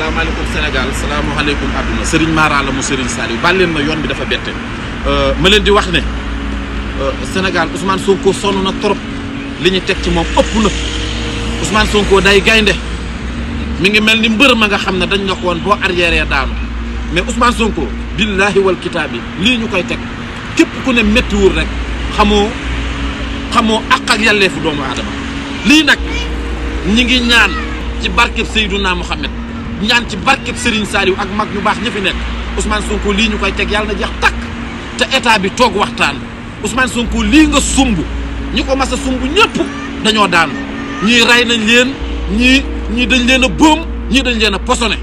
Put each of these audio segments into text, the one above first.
salaamaaleykum Sénégal salaamaaleykum àdduna Serigne Mara la mu Serigne Saliou baal leen yoon bi dafa bette euh, ma leen di wax ne euh, Sénégal Ousmane Sonko sonn na trop li ñu teg ci moom ëpp na Ousmane Sonko day gaynde mu ngi mel ni mbër ma nga xam ne dañ la ko woon boo arrière daanu mais Ousmane Sonko billaahi wal kitaab yi lii ñu koy teg képp ku ne méttiwul rek xamoo xamoo àq ak yàlleefu doomu aadama lii nag ñi ngi ñaan ci barkeb Seydunaa Muhammad ñaan ci barkeb Serigne Saliou ak mag ñu baax ñi fi nekk Ousmane Sonko lii ñu koy teg yàlla na jeex takk te état bi toog waxtaan Ousmane Sonko lii nga sumb ñi ko mas a sumb ñëpp dañoo daan ñii rey nañ leen ñii ñii dañ leen a boom ñii dañ leen a posone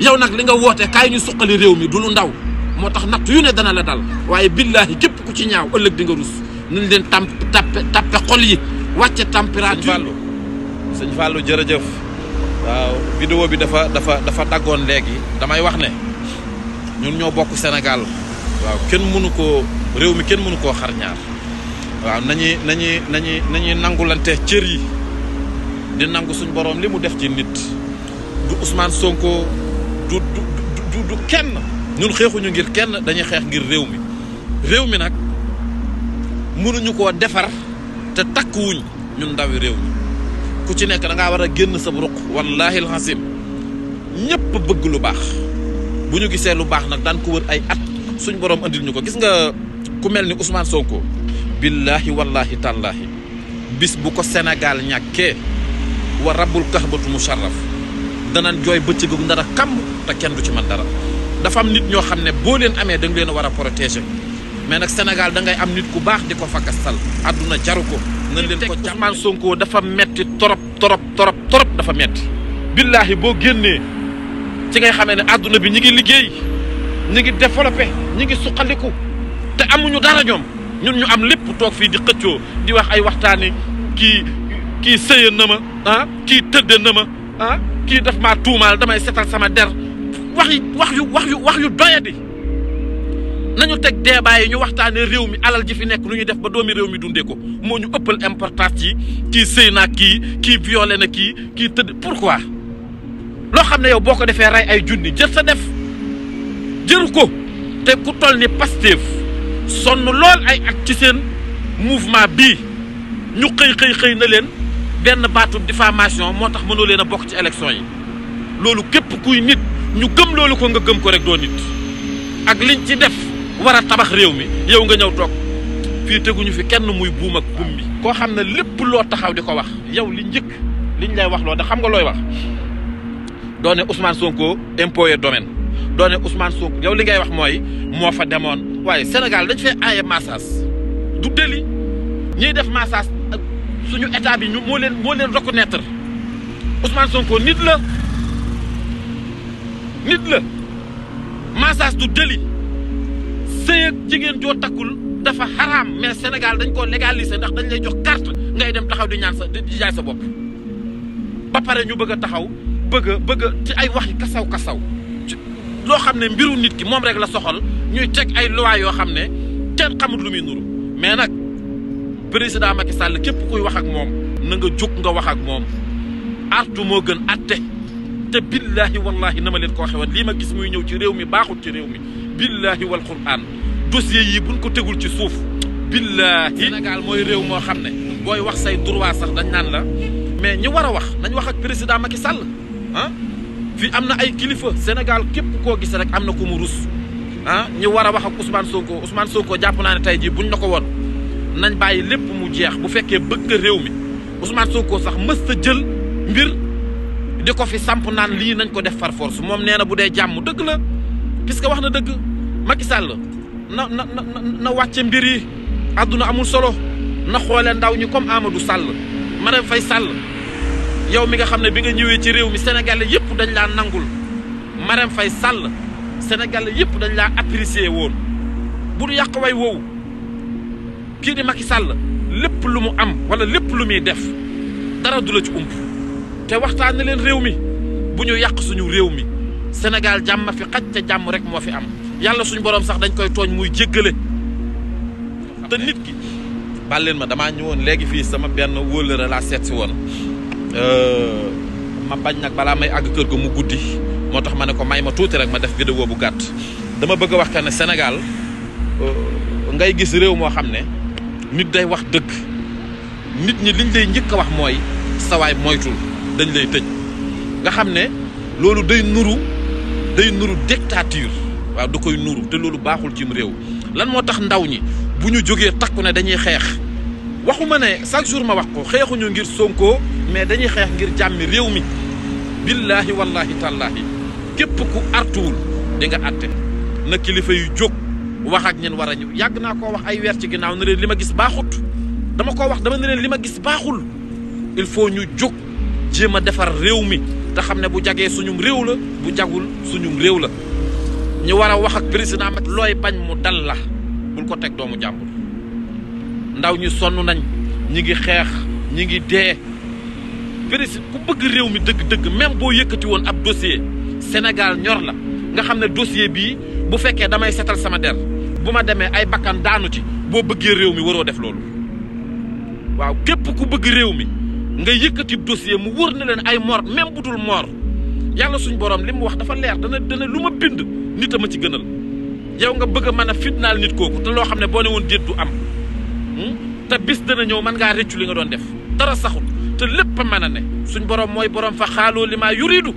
yow nag li nga woote yi ñu suqali réew mi du lu ndaw moo tax natt yu ne dana la dal waaye billaahi képp ku ci ñaaw ëllëg di nga rus nañ leen tam tappe tappe xol yi wàcce température sëñ Fallou jërëjëf waaw vidéo bi dafa dafa dafa daggoon léegi damay wax ne ñun ñoo bokk Sénégal waaw kenn mënu koo réew mi kenn mënu koo xarñaar waaw nañuy nañuy nañuy nañuy nangulante cër yi di nangu suñu boroom li mu def ci nit du Ousmane Sonko du du du kenn ñun xeexuñu ngir kenn dañuy xeex ngir réew mi réew mi nag mënuñu koo defar te takkuwuñ ñun ndawi réew mi ku ci nekk da ngaa war a génn sa ruq wallaahi alxasim ñëpp bëgg lu baax bu ñu gisee lu baax nag daan ko wër ay at suñ borom andil ñu ko gis nga ku mel ni Ousmane Sonko. billaahi wallaahi tàllaahi bis bu ko Sénégal ñàkkee wa rabbul kahbatu musharraf danañ jooy bëccëg gu ndara kàmb te kenn du ci man dara dafa am nit ñoo xam ne boo leen amee da nga leen a war a protéger mais nag Sénégal da ngay am nit ku baax di ko fakkastal àdduna jaru ko. nañ leen ko jàmm Ousmane torop torop torop dafa metti billaahi boo génnee ci ngay xamee ne àdduna bi ñi ngi liggéey ñi ngi développé ñi ngi suqaliku te amuñu dara ñoom ñun ñu am lépp toog fii di xëccoo di wax ay waxtaani kii kii sëya na ma ah kii tëdde na ma ah kii daf maa tuumaal damay setal sama der wax yu wax yu wax yu wax yu doyadi nañu teg débat yi ñu waxtaanee réew mi alal ji fi nekk lu ñu def ba doomi réew mi dundee ko moo ñu ëppal importance yi kii sëy na kii kii violé na kii kii tëdd pourquoi loo xam ne yow boo ko defee rey ay junni jër sa def jëru ko te ku toll ni Pastef sonn lool ay at ci seen mouvement bi ñu xëy xëy xëy na leen benn baatub diffamation moo tax mënoo leen a bokk ci élection yi loolu képp kuy nit ñu gëm loolu ko nga gëm ko rek doo nit ak liñ ci def war tabax réew mi yow nga ñëw toog fii teguñu fi kenn muy buum ak buum bi. koo xam ne lépp loo taxaw di ko wax yow li njëkk liñ lay wax loo da xam nga looy wax doone ne Ousmane Sonko impôts domaine doo ne yow li ngay wax mooy moo fa demoon waaye Sénégal dañ fee aaye massage du délit ñiy def massage suñu état bi ñu moo leen moo leen reconnaître Ousmane Sonko nit la nit la massage du délit sëy ak jigéen joo takkul dafa xaraam mais Sénégal dañ koo légaliser ndax dañ lay jox carte ngay dem taxaw di ñaan sa di jaay sa bopp. ba pare ñu bëgg a taxaw bëgg a bëgg ci ay waxi kasaw kasaw loo xam ne mbiru nit ki moom rek la soxal ñuy teg ay loi yoo xam ne kenn xamut lu muy nuru mais nag président Macky sàll képp kuy wax ak moom na nga jóg nga wax ak moom artu moo gën atte te billaahi wallaahi na ma leen ko waxee woon lii ma gis muy ñëw ci réew mi baaxul ci réew mi billaahi wal quraan dossier yi buñ ko tegul ci suuf billaahi Sénégal mooy réew moo xam ne booy wax say droit sax dañ naan la mais ñi war a wax nañ wax ak président maki Sall ah fii am na ay kilifa senegal képp koo gis rek am na ku mu rus ah ñi war a wax ak ko Sonko Ousmane Sonko jàpp naa ne tey jii buñ na ko woon nañ bàyyi lépp mu jeex bu fekkee bëgg nga réew mi Ousmane ko sax mës ta jël mbir di ko fi samp naan lii nañ ko def par force moom nee na bu dee jàmm dëgg la puisque wax na dëgg Macky Sall na na na wàcce mbir yi àdduna amul solo na xoole ndaw ñi comme Amadou Sall Marème fay sàll yow mi nga xam ne bi nga ñëwee ci réew mi Sénégalais yëpp dañu laa nangul Marème fay sàll Sénégalais yëpp dañ laa apprécier woon bu nu yàq way woowu kii di Macky Sall lépp lu mu am wala lépp lu muy def dara du la ci ump te waxtaan leen réew mi bu ñu yàq suñu réew mi Sénégal jàmm fi xaj ca jàmm rek moo fi am yàlla suñu borom sax dañ koy tooñ muy jéggale te nit ki bàl leen ma damaa ñëwoon léegi fii sama benn wóolëra laa seetsi si woon euh, ma bañ nag balaa may àgg kër ga mu guddi moo tax ma ne ko may ma tuuti rek ma def vidéo bu gàtt dama bëgg a wax que ne Sénégal euh, ngay gis réew moo xam ne nit day wax dëgg nit ñi liñ lay njëkk a wax mooy sawaay moytul dañ lay tëj nga xam ne loolu day nuru day nuru dictature waaw du koy nuuru te loolu baaxul cim réew lan moo tax ndaw ñi bu ñu jógee takku ne dañuy xeex waxuma ne chaque jour ma wax ko xeexuñu ngir sonkoo mais dañuy xeex ngir jàmmi réew mi billaahi wallaahi tallaahi képp ku artuwul di nga àtte na kilifa yu jóg wax ak ñen war a yàgg naa koo wax ay weer ci ginnaaw na leen li ma gis baaxut dama koo wax dama ne leen li ma gis baaxul il faut ñu jóg jéem a defar réew mi te xam ne bu jagee suñum réew la bu jagul suñum réew la ñu war a wax ak président Macky looy bañ mu dal la bul ko teg doomu jàmbur ndaw ñu sonn nañ ñi ngi xeex ñi ngi dee président ku bëgg réew mi dëgg-dëgg même boo yëkkati woon ab dossier Sénégal ñor la nga xam ne dossier bii bu fekkee damay setal sama der bu ma demee ay bakkan daanu ci boo bëggee réew mi waroo def loolu waaw képp ku bëgg réew mi nga yëkkati dossier mu wër na leen ay mor même bu dul mor yàlla suñ borom li mu wax dafa leer dana dana lu ma bind nit a ma ci gënal yow nga bëgg man mën a fitnaal nit kooku te loo xam ne boo ne woon déet du am hmm? te bis dana ñëw mën ngaa réccu li nga doon def dara saxul te lépp a man a ne suñ borom mooy borom fa xaaloo li maa yuriidu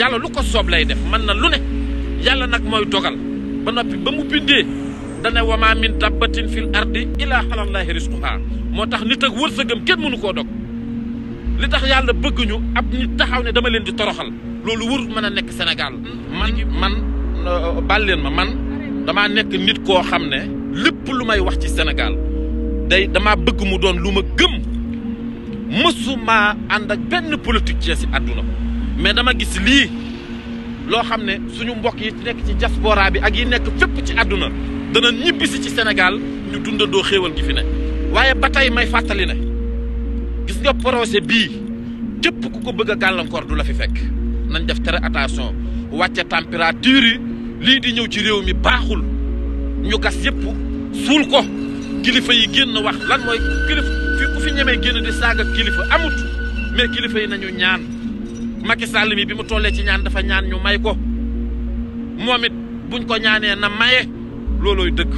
yàlla lu ko soob lay def man na lu ne yàlla nag mooy dogal ba noppi ba mu bindee dana wama min dabbatin fil ardi ilaa alallaahi risquhaa moo tax nit ak wërsëgam kenn mënu koo dog li tax yàlla bëgg ñu ab nit taxaw ne dama leen di toroxal loolu warul mën a nekk Sénégal Euh, baal leen ma man damaa nekk nit koo xam ne lépp lu may wax ci Sénégal day damaa bëgg mu doon lu ma gëm mësuma ànd ak benn politique ci àdduna mais dama gis lii loo xam ne suñu mbokk yi nekk ci diaspora bi ak yi nekk fépp ci àdduna dana ñibbisi ci senegal ñu dundandoo xéewal gi fi ne waaye ba tey may fàttali ne gis nga projet bii képp ku ko bëgg a gàllankoor du la fi fekk nañ def très attention wàcce température yi lii di ñëw ci réew mi baaxul ñu gas yëpp suul ko kilifa yi génn wax lan mooy kilifa ku fi ñemee génn di saaga kilifa amut mais kilifa yi nañu ñaan Macky Sall mi bi mu tollee ci ñaan dafa ñaan ñu may ko moom it buñ ko ñaanee na maye loolooy dëkk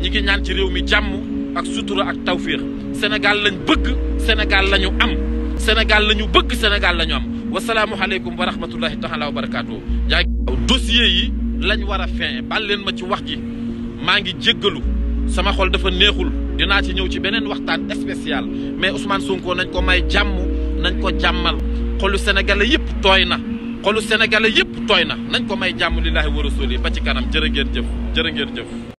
ñi ngi ñaan ci réew mi jàmm ak sutura ak tawfiix Sénégal lañ bëgg Sénégal lañu am Sénégal lañu bëgg Sénégal lañu am wasalaamu aleykum wa rahmatullahi taala wa barakaatu. jaay dossier yi. lañ war a fin bal leen ma ci wax ji maa ngi jéggalu sama xol dafa neexul dinaa ci ñëw ci beneen waxtaan spécial mais Ousmane sonkoo nañ ko may jàmm nañ ko jàmmal xolu sénégalais yëpp tooy na xolu sénégalais yëpp tooy na nañ ko may jàmm lillaahi wa rasuuli ba ci kanam jërë ngeen jëf jërë ngeen jëf